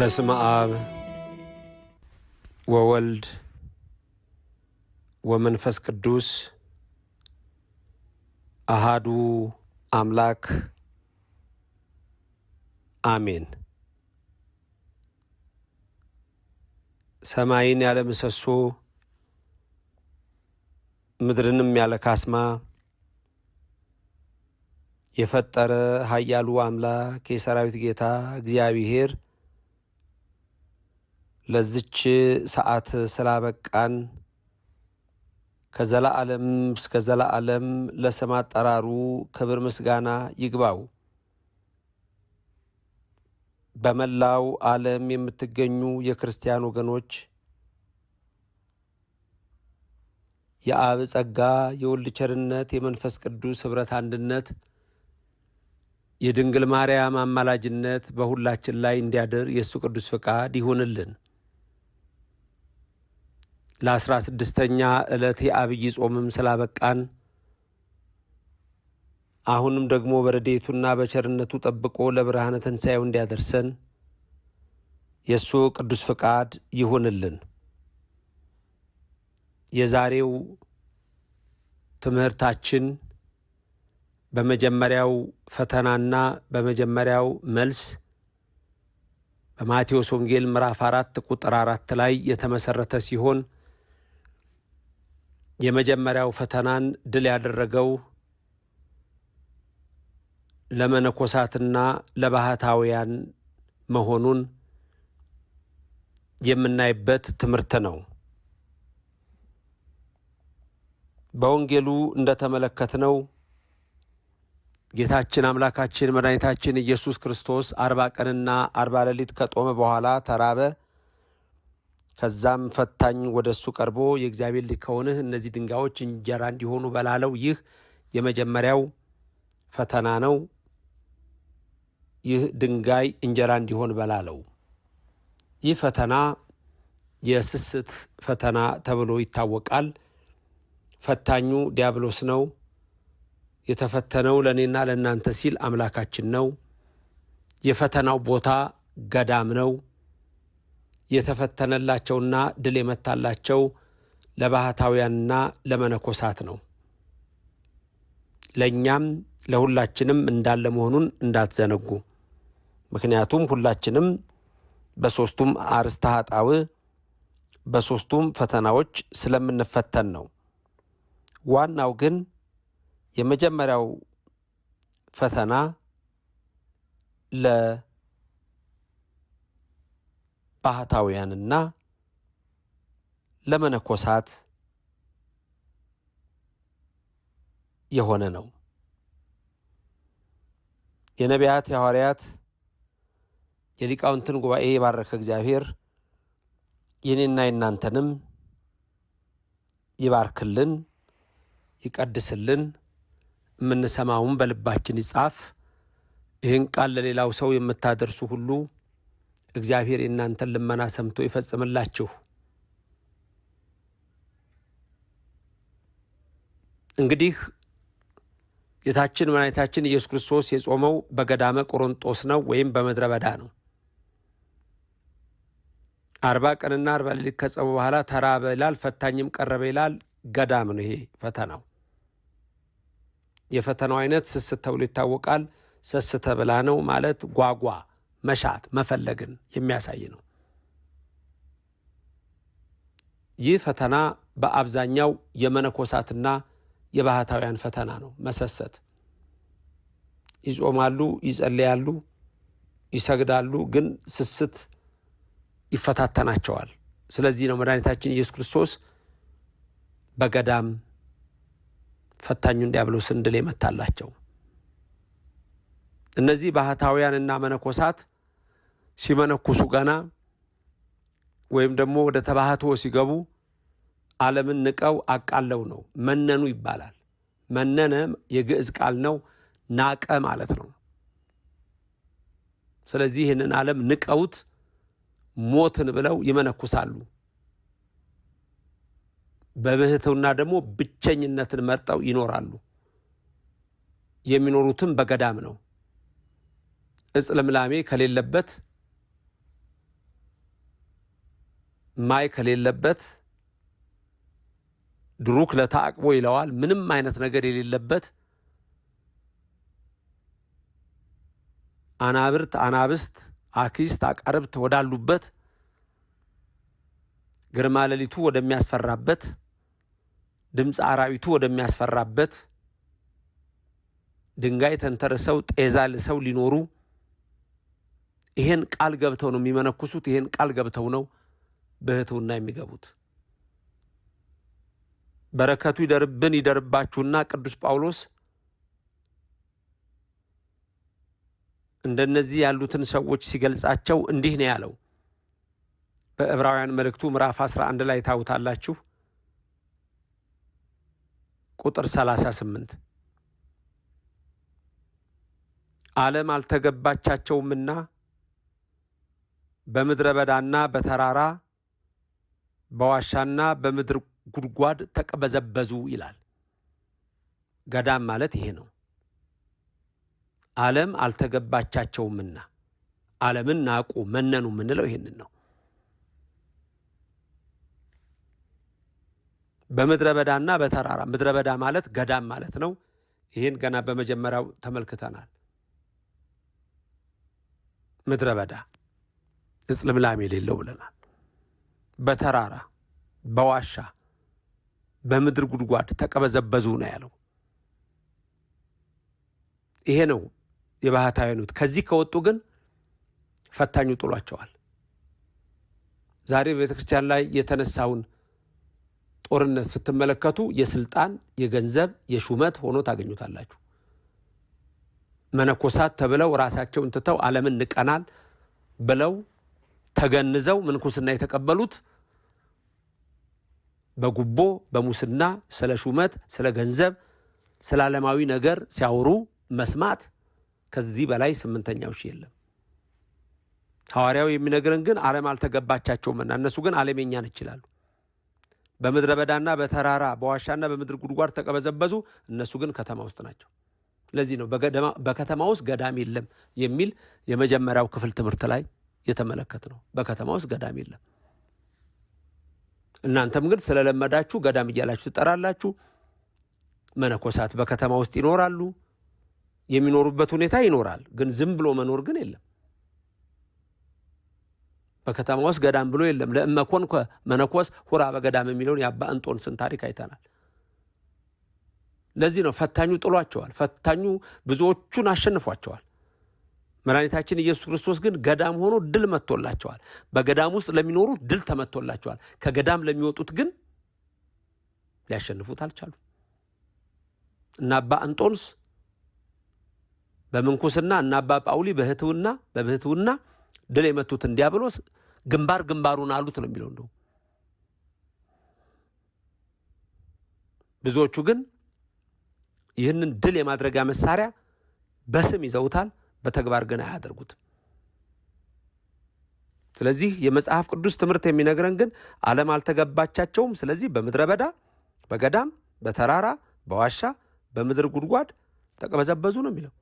በስመ አብ ወወልድ ወመንፈስ ቅዱስ አሃዱ አምላክ አሜን። ሰማይን ያለ ምሰሶ ምድርንም ያለ ካስማ የፈጠረ ኃያሉ አምላክ የሰራዊት ጌታ እግዚአብሔር ለዝች ሰዓት ስላበቃን ከዘላዓለም እስከ ዘላዓለም ለስም አጠራሩ ክብር ምስጋና ይግባው። በመላው ዓለም የምትገኙ የክርስቲያን ወገኖች የአብ ጸጋ የወልድ ቸርነት የመንፈስ ቅዱስ ኅብረት አንድነት የድንግል ማርያም አማላጅነት በሁላችን ላይ እንዲያድር የእሱ ቅዱስ ፈቃድ ይሁንልን። ለአስራ ስድስተኛ ዕለት የአብይ ጾምም ስላበቃን አሁንም ደግሞ በረዴቱና በቸርነቱ ጠብቆ ለብርሃነ ትንሣኤው እንዲያደርሰን የእሱ ቅዱስ ፈቃድ ይሁንልን። የዛሬው ትምህርታችን በመጀመሪያው ፈተናና በመጀመሪያው መልስ በማቴዎስ ወንጌል ምዕራፍ አራት ቁጥር አራት ላይ የተመሠረተ ሲሆን የመጀመሪያው ፈተናን ድል ያደረገው ለመነኮሳትና ለባህታውያን መሆኑን የምናይበት ትምህርት ነው። በወንጌሉ እንደተመለከትነው ጌታችን አምላካችን መድኃኒታችን ኢየሱስ ክርስቶስ አርባ ቀንና አርባ ሌሊት ከጦመ በኋላ ተራበ። ከዛም ፈታኝ ወደ እሱ ቀርቦ የእግዚአብሔር ልጅ ከሆንህ እነዚህ ድንጋዮች እንጀራ እንዲሆኑ በላለው። ይህ የመጀመሪያው ፈተና ነው። ይህ ድንጋይ እንጀራ እንዲሆን በላለው። ይህ ፈተና የስስት ፈተና ተብሎ ይታወቃል። ፈታኙ ዲያብሎስ ነው። የተፈተነው ለእኔና ለእናንተ ሲል አምላካችን ነው። የፈተናው ቦታ ገዳም ነው። የተፈተነላቸውና ድል የመታላቸው ለባህታውያንና ለመነኮሳት ነው። ለእኛም ለሁላችንም እንዳለ መሆኑን እንዳትዘነጉ። ምክንያቱም ሁላችንም በሦስቱም አርእስተ ኃጣውእ በሦስቱም ፈተናዎች ስለምንፈተን ነው። ዋናው ግን የመጀመሪያው ፈተና ለ ባህታውያንና ለመነኮሳት የሆነ ነው። የነቢያት የሐዋርያት የሊቃውንትን ጉባኤ የባረከ እግዚአብሔር የኔና የናንተንም ይባርክልን፣ ይቀድስልን። የምንሰማውን በልባችን ይጻፍ። ይህን ቃል ለሌላው ሰው የምታደርሱ ሁሉ እግዚአብሔር የእናንተን ልመና ሰምቶ ይፈጽምላችሁ። እንግዲህ ጌታችን መድኃኒታችን ኢየሱስ ክርስቶስ የጾመው በገዳመ ቆሮንጦስ ነው ወይም በምድረ በዳ ነው። አርባ ቀንና አርባ ሌሊት ከጾመ በኋላ ተራበ ይላል፣ ፈታኝም ቀረበ ይላል። ገዳም ነው ይሄ ፈተናው። የፈተናው አይነት ስስት ተብሎ ይታወቃል። ሰስተ ብላ ነው ማለት ጓጓ መሻት መፈለግን የሚያሳይ ነው። ይህ ፈተና በአብዛኛው የመነኮሳትና የባህታውያን ፈተና ነው። መሰሰት ይጾማሉ፣ ይጸልያሉ፣ ይሰግዳሉ፣ ግን ስስት ይፈታተናቸዋል። ስለዚህ ነው መድኃኒታችን ኢየሱስ ክርስቶስ በገዳም ፈታኙን ዲያብሎስን ድል የመታላቸው። እነዚህ ባህታውያንና መነኮሳት ሲመነኩሱ ገና ወይም ደግሞ ወደ ተባህትዎ ሲገቡ ዓለምን ንቀው አቃለው ነው። መነኑ ይባላል። መነነ የግዕዝ ቃል ነው፣ ናቀ ማለት ነው። ስለዚህ ይህንን ዓለም ንቀውት ሞትን ብለው ይመነኩሳሉ። በብህትውና ደግሞ ብቸኝነትን መርጠው ይኖራሉ። የሚኖሩትም በገዳም ነው። እጽ ልምላሜ ከሌለበት ማይ ከሌለበት ድሩክ ለታቅቦ ይለዋል። ምንም አይነት ነገር የሌለበት አናብርት፣ አናብስት፣ አክስት፣ አቃርብት ወዳሉበት ግርማ ሌሊቱ ወደሚያስፈራበት ድምፅ አራዊቱ ወደሚያስፈራበት ድንጋይ ተንተርሰው ጤዛ ልሰው ሊኖሩ ይሄን ቃል ገብተው ነው የሚመነኩሱት። ይሄን ቃል ገብተው ነው በህትውና የሚገቡት። በረከቱ ይደርብን ይደርባችሁና ቅዱስ ጳውሎስ እንደነዚህ ያሉትን ሰዎች ሲገልጻቸው እንዲህ ነው ያለው። በዕብራውያን መልእክቱ ምዕራፍ 11 ላይ ታውታላችሁ ቁጥር 38 ዓለም አልተገባቻቸውምና በምድረ በዳና በተራራ በዋሻና በምድር ጉድጓድ ተቀበዘበዙ ይላል። ገዳም ማለት ይሄ ነው። ዓለም አልተገባቻቸውምና ዓለምን ናቁ፣ መነኑ የምንለው ይህን ነው። በምድረ በዳና በተራራ ምድረ በዳ ማለት ገዳም ማለት ነው። ይህን ገና በመጀመሪያው ተመልክተናል። ምድረ በዳ እጽልምላሜ የሌለው ብለናል። በተራራ በዋሻ በምድር ጉድጓድ ተቀበዘበዙ ነው ያለው። ይሄ ነው ኑት። ከዚህ ከወጡ ግን ፈታኙ ጥሏቸዋል። ዛሬ በቤተ ክርስቲያን ላይ የተነሳውን ጦርነት ስትመለከቱ የስልጣን፣ የገንዘብ፣ የሹመት ሆኖ ታገኙታላችሁ። መነኮሳት ተብለው ራሳቸውን ትተው ዓለምን ንቀናል ብለው ተገንዘው ምንኩስና የተቀበሉት በጉቦ በሙስና ስለ ሹመት፣ ስለ ገንዘብ፣ ስለ ዓለማዊ ነገር ሲያወሩ መስማት ከዚህ በላይ ስምንተኛው ሺ የለም። ሐዋርያው የሚነግርን ግን ዓለም አልተገባቻቸውምና እነሱ ግን ዓለም የኛ ይችላሉ። በምድረ በዳና በተራራ በዋሻና በምድር ጉድጓድ ተቀበዘበዙ፣ እነሱ ግን ከተማ ውስጥ ናቸው። ለዚህ ነው በከተማ ውስጥ ገዳም የለም የሚል የመጀመሪያው ክፍል ትምህርት ላይ የተመለከት ነው። በከተማ ውስጥ ገዳም የለም። እናንተም ግን ስለለመዳችሁ ገዳም እያላችሁ ትጠራላችሁ። መነኮሳት በከተማ ውስጥ ይኖራሉ። የሚኖሩበት ሁኔታ ይኖራል። ግን ዝም ብሎ መኖር ግን የለም። በከተማ ውስጥ ገዳም ብሎ የለም። ለእመኮን መነኮስ ሁራ በገዳም የሚለውን የአባ እንጦንስን ታሪክ አይተናል። ለዚህ ነው ፈታኙ ጥሏቸዋል። ፈታኙ ብዙዎቹን አሸንፏቸዋል። መድኃኒታችን ኢየሱስ ክርስቶስ ግን ገዳም ሆኖ ድል መጥቶላቸዋል። በገዳም ውስጥ ለሚኖሩ ድል ተመጥቶላቸዋል። ከገዳም ለሚወጡት ግን ሊያሸንፉት አልቻሉም እና አባ እንጦንስ በምንኩስና እና አባ ጳውሊ በህትውና በብህትውና ድል የመቱት እንዲያብሎስ ግንባር ግንባሩን አሉት ነው የሚለው እንደው ብዙዎቹ ግን ይህንን ድል የማድረጊያ መሳሪያ በስም ይዘውታል። በተግባር ግን አያደርጉትም። ስለዚህ የመጽሐፍ ቅዱስ ትምህርት የሚነግረን ግን ዓለም አልተገባቻቸውም። ስለዚህ በምድረ በዳ፣ በገዳም፣ በተራራ፣ በዋሻ፣ በምድር ጉድጓድ ተቀበዘበዙ ነው የሚለው።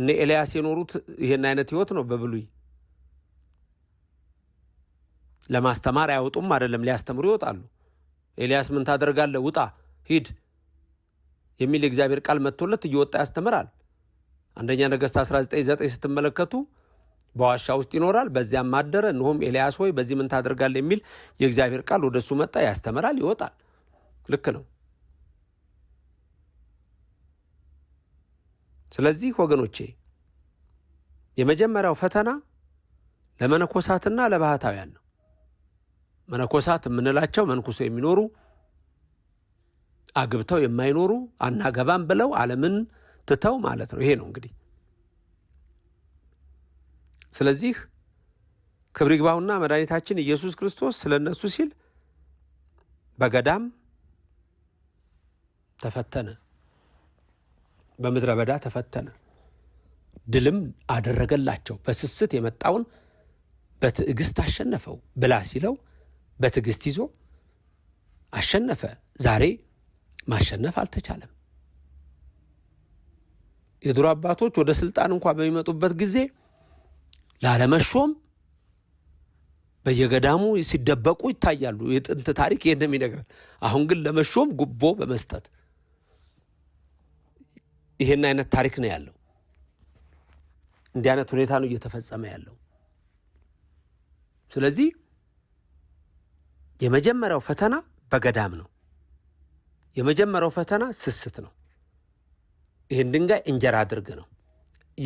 እነ ኤልያስ የኖሩት ይህን አይነት ህይወት ነው። በብሉይ ለማስተማር አይወጡም አይደለም፣ ሊያስተምሩ ይወጣሉ። ኤልያስ ምን ታደርጋለህ? ውጣ ሂድ የሚል የእግዚአብሔር ቃል መጥቶለት እየወጣ ያስተምራል። አንደኛ ነገሥት 19፥9 ስትመለከቱ በዋሻ ውስጥ ይኖራል፣ በዚያም አደረ። እንሆም ኤልያስ ሆይ በዚህ ምን ታደርጋለህ? የሚል የእግዚአብሔር ቃል ወደ እሱ መጣ፣ ያስተምራል፣ ይወጣል። ልክ ነው። ስለዚህ ወገኖቼ የመጀመሪያው ፈተና ለመነኮሳትና ለባህታውያን ነው። መነኮሳት የምንላቸው መንኩሶ የሚኖሩ አግብተው የማይኖሩ አናገባም ብለው ዓለምን ትተው ማለት ነው። ይሄ ነው እንግዲህ። ስለዚህ ክብር ይግባውና መድኃኒታችን ኢየሱስ ክርስቶስ ስለ እነሱ ሲል በገዳም ተፈተነ፣ በምድረ በዳ ተፈተነ፣ ድልም አደረገላቸው። በስስት የመጣውን በትዕግስት አሸነፈው ብላ ሲለው በትዕግስት ይዞ አሸነፈ። ዛሬ ማሸነፍ አልተቻለም። የድሮ አባቶች ወደ ስልጣን እንኳ በሚመጡበት ጊዜ ላለመሾም በየገዳሙ ሲደበቁ ይታያሉ። የጥንት ታሪክ ይህን የሚነግረን። አሁን ግን ለመሾም ጉቦ በመስጠት ይህን አይነት ታሪክ ነው ያለው። እንዲህ አይነት ሁኔታ ነው እየተፈጸመ ያለው። ስለዚህ የመጀመሪያው ፈተና በገዳም ነው። የመጀመሪያው ፈተና ስስት ነው። ይህን ድንጋይ እንጀራ አድርግ ነው።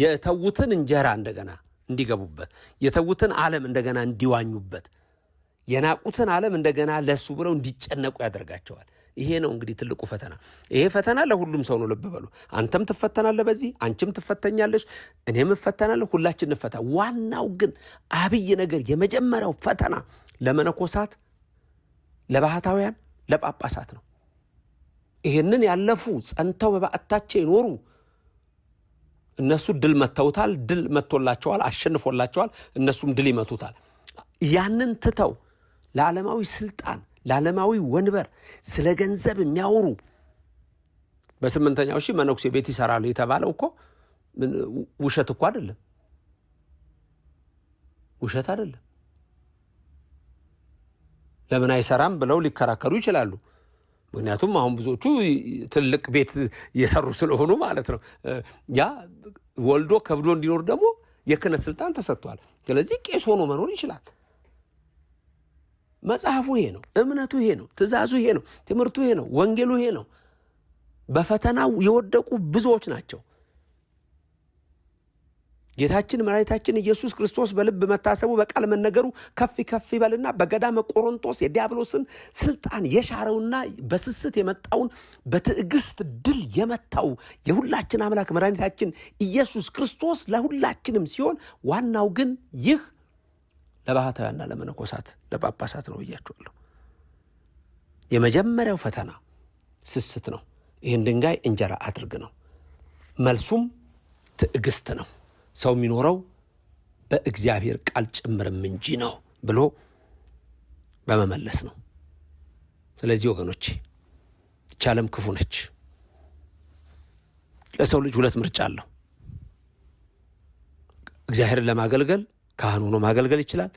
የተዉትን እንጀራ እንደገና እንዲገቡበት፣ የተዉትን ዓለም እንደገና እንዲዋኙበት፣ የናቁትን ዓለም እንደገና ለሱ ብለው እንዲጨነቁ ያደርጋቸዋል። ይሄ ነው እንግዲህ ትልቁ ፈተና። ይሄ ፈተና ለሁሉም ሰው ነው። ልብ በሉ። አንተም ትፈተናለህ በዚህ አንቺም ትፈተኛለሽ፣ እኔም እፈተናለሁ፣ ሁላችን እንፈታ። ዋናው ግን አብይ ነገር የመጀመሪያው ፈተና ለመነኮሳት፣ ለባህታውያን፣ ለጳጳሳት ነው። ይሄንን ያለፉ ጸንተው በባዕታቸው ይኖሩ እነሱ ድል መተውታል፣ ድል መቶላቸዋል፣ አሸንፎላቸዋል። እነሱም ድል ይመቱታል። ያንን ትተው ለዓለማዊ ስልጣን፣ ለዓለማዊ ወንበር፣ ስለ ገንዘብ የሚያወሩ በስምንተኛው ሺህ መነኩሴ ቤት ይሰራሉ የተባለው እኮ ውሸት እኮ አይደለም፣ ውሸት አይደለም። ለምን አይሰራም ብለው ሊከራከሩ ይችላሉ። ምክንያቱም አሁን ብዙዎቹ ትልቅ ቤት እየሰሩ ስለሆኑ ማለት ነው። ያ ወልዶ ከብዶ እንዲኖር ደግሞ የክህነት ስልጣን ተሰጥቷል። ስለዚህ ቄስ ሆኖ መኖር ይችላል። መጽሐፉ ይሄ ነው፣ እምነቱ ይሄ ነው፣ ትእዛዙ ይሄ ነው፣ ትምህርቱ ይሄ ነው፣ ወንጌሉ ይሄ ነው። በፈተናው የወደቁ ብዙዎች ናቸው። ጌታችን መድኃኒታችን ኢየሱስ ክርስቶስ በልብ መታሰቡ በቃል መነገሩ ከፍ ከፍ ይበልና በገዳመ ቆሮንቶስ የዲያብሎስን ስልጣን የሻረውና በስስት የመጣውን በትዕግስት ድል የመታው የሁላችን አምላክ መድኃኒታችን ኢየሱስ ክርስቶስ ለሁላችንም ሲሆን ዋናው ግን ይህ ለባህታውያንና ለመነኮሳት ለጳጳሳት ነው ብያችኋለሁ። የመጀመሪያው ፈተና ስስት ነው። ይህን ድንጋይ እንጀራ አድርግ ነው። መልሱም ትዕግስት ነው። ሰው የሚኖረው በእግዚአብሔር ቃል ጭምርም እንጂ ነው ብሎ በመመለስ ነው። ስለዚህ ወገኖቼ ይህች ክፉ ነች። ለሰው ልጅ ሁለት ምርጫ አለው። እግዚአብሔርን ለማገልገል ካህን ሆኖ ማገልገል ይችላል።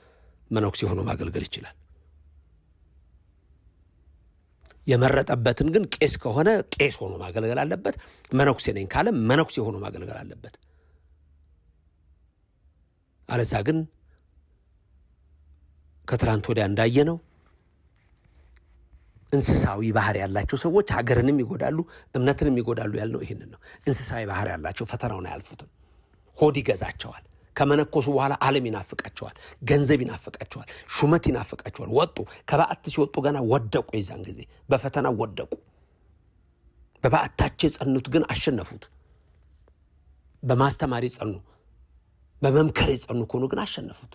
መነኩሴ ሆኖ ማገልገል ይችላል። የመረጠበትን ግን ቄስ ከሆነ ቄስ ሆኖ ማገልገል አለበት። መነኩሴ ነኝ ካለ መነኩሴ ሆኖ ማገልገል አለበት። አለዛ ግን ከትናንት ወዲያ ነው። እንስሳዊ ባህር ያላቸው ሰዎች ሀገርንም ይጎዳሉ፣ እምነትንም ይጎዳሉ ያልነው ይህን ነው። እንስሳዊ ባህር ያላቸው ፈተናውን አያልፉትም። ሆድ ይገዛቸዋል። ከመነኮሱ በኋላ ዓለም ይናፍቃቸዋል፣ ገንዘብ ይናፍቃቸዋል፣ ሹመት ይናፍቃቸዋል። ወጡ ከበዓት ሲወጡ ገና ወደቁ። የዛን ጊዜ በፈተና ወደቁ። በበዓታቸው የጸኑት ግን አሸነፉት። በማስተማር ጸኑ። በመምከር የጸኑ ከሆኑ ግን አሸነፉት።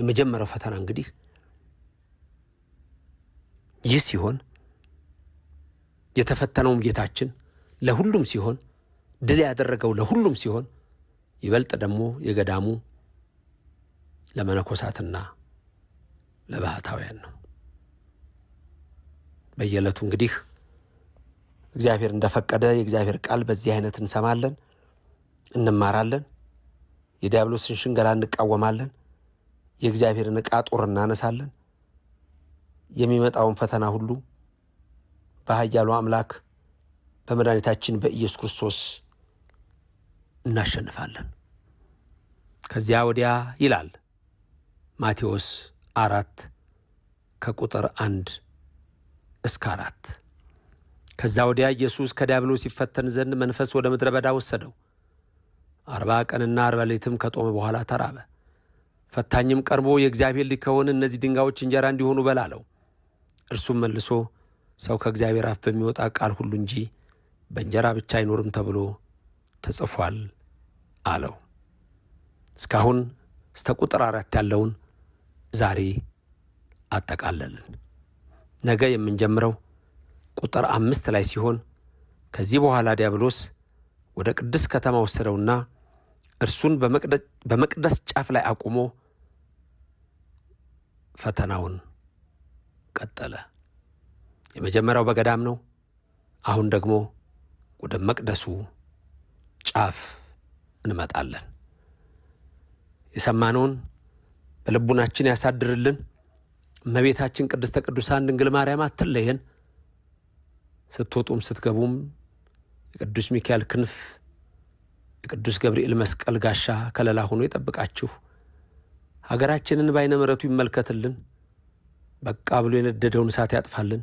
የመጀመሪያው ፈተና እንግዲህ ይህ ሲሆን የተፈተነውም ጌታችን ለሁሉም ሲሆን ድል ያደረገው ለሁሉም ሲሆን ይበልጥ ደግሞ የገዳሙ ለመነኮሳትና ለባህታውያን ነው። በየዕለቱ እንግዲህ እግዚአብሔር እንደፈቀደ የእግዚአብሔር ቃል በዚህ አይነት እንሰማለን። እንማራለን። የዲያብሎስን ሽንገላ እንቃወማለን። የእግዚአብሔርን ዕቃ ጦር እናነሳለን። የሚመጣውን ፈተና ሁሉ በኃያሉ አምላክ በመድኃኒታችን በኢየሱስ ክርስቶስ እናሸንፋለን። ከዚያ ወዲያ ይላል ማቴዎስ አራት ከቁጥር አንድ እስከ አራት ከዛ ወዲያ ኢየሱስ ከዲያብሎስ ይፈተን ዘንድ መንፈስ ወደ ምድረ በዳ ወሰደው። አርባ ቀንና አርባ ሌሊትም ከጦመ በኋላ ተራበ። ፈታኝም ቀርቦ የእግዚአብሔር ልጅ ከሆነ እነዚህ ድንጋዮች እንጀራ እንዲሆኑ በላለው። እርሱም መልሶ ሰው ከእግዚአብሔር አፍ በሚወጣ ቃል ሁሉ እንጂ በእንጀራ ብቻ አይኖርም ተብሎ ተጽፏል አለው። እስካሁን እስተ ቁጥር አራት ያለውን ዛሬ አጠቃለልን። ነገ የምንጀምረው ቁጥር አምስት ላይ ሲሆን ከዚህ በኋላ ዲያብሎስ ወደ ቅድስ ከተማ ወሰደውና እርሱን በመቅደስ ጫፍ ላይ አቁሞ ፈተናውን ቀጠለ። የመጀመሪያው በገዳም ነው። አሁን ደግሞ ወደ መቅደሱ ጫፍ እንመጣለን። የሰማነውን በልቡናችን ያሳድርልን። እመቤታችን ቅድስተ ቅዱሳን ድንግል ማርያም አትለየን። ስትወጡም ስትገቡም የቅዱስ ሚካኤል ክንፍ የቅዱስ ገብርኤል መስቀል ጋሻ ከለላ ሆኖ ይጠብቃችሁ። ሀገራችንን በዓይነ ምረቱ ይመልከትልን። በቃ ብሎ የነደደውን እሳት ያጥፋልን።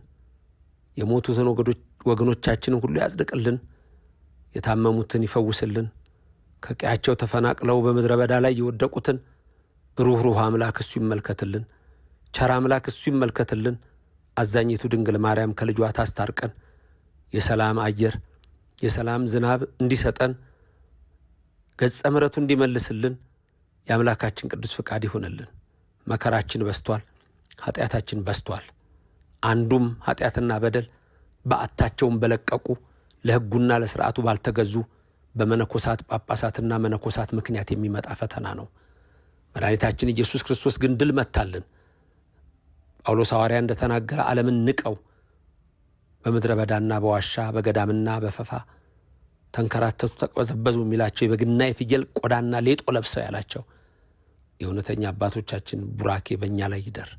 የሞቱትን ወገኖቻችንን ሁሉ ያጽድቅልን። የታመሙትን ይፈውስልን። ከቀያቸው ተፈናቅለው በምድረ በዳ ላይ የወደቁትን ሩኅ ሩኅ አምላክ እሱ ይመልከትልን። ቸር አምላክ እሱ ይመልከትልን። አዛኝቱ ድንግል ማርያም ከልጇ ታስታርቀን። የሰላም አየር የሰላም ዝናብ እንዲሰጠን ገጸ ምረቱ እንዲመልስልን የአምላካችን ቅዱስ ፍቃድ ይሆንልን። መከራችን በስቷል፣ ኃጢአታችን በስቷል። አንዱም ኃጢአትና በደል በአታቸውን በለቀቁ ለሕጉና ለሥርዓቱ ባልተገዙ በመነኮሳት ጳጳሳትና መነኮሳት ምክንያት የሚመጣ ፈተና ነው። መድኃኒታችን ኢየሱስ ክርስቶስ ግን ድል መታልን። ጳውሎስ ሐዋርያ እንደተናገረ ዓለምን ንቀው በምድረ በዳና በዋሻ በገዳምና በፈፋ ተንከራተቱ፣ ተቅበዘበዙ የሚላቸው የበግና የፍየል ቆዳና ሌጦ ለብሰው ያላቸው የእውነተኛ አባቶቻችን ቡራኬ በእኛ ላይ ይደር።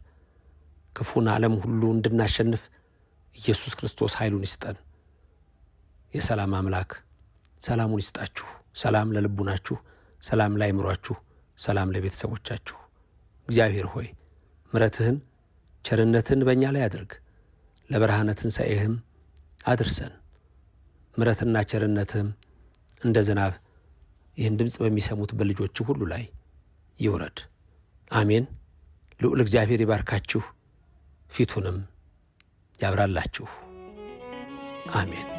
ክፉን ዓለም ሁሉ እንድናሸንፍ ኢየሱስ ክርስቶስ ኃይሉን ይስጠን። የሰላም አምላክ ሰላሙን ይስጣችሁ። ሰላም ለልቡናችሁ፣ ሰላም ላይምሯችሁ፣ ሰላም ለቤተሰቦቻችሁ። እግዚአብሔር ሆይ ምረትህን ቸርነትህን በእኛ ላይ አድርግ። ለብርሃነ ትንሣኤህም አድርሰን። ምረትና ቸርነትህም እንደ ዝናብ ይህን ድምፅ በሚሰሙት በልጆች ሁሉ ላይ ይውረድ። አሜን። ልዑል እግዚአብሔር ይባርካችሁ፣ ፊቱንም ያብራላችሁ። አሜን።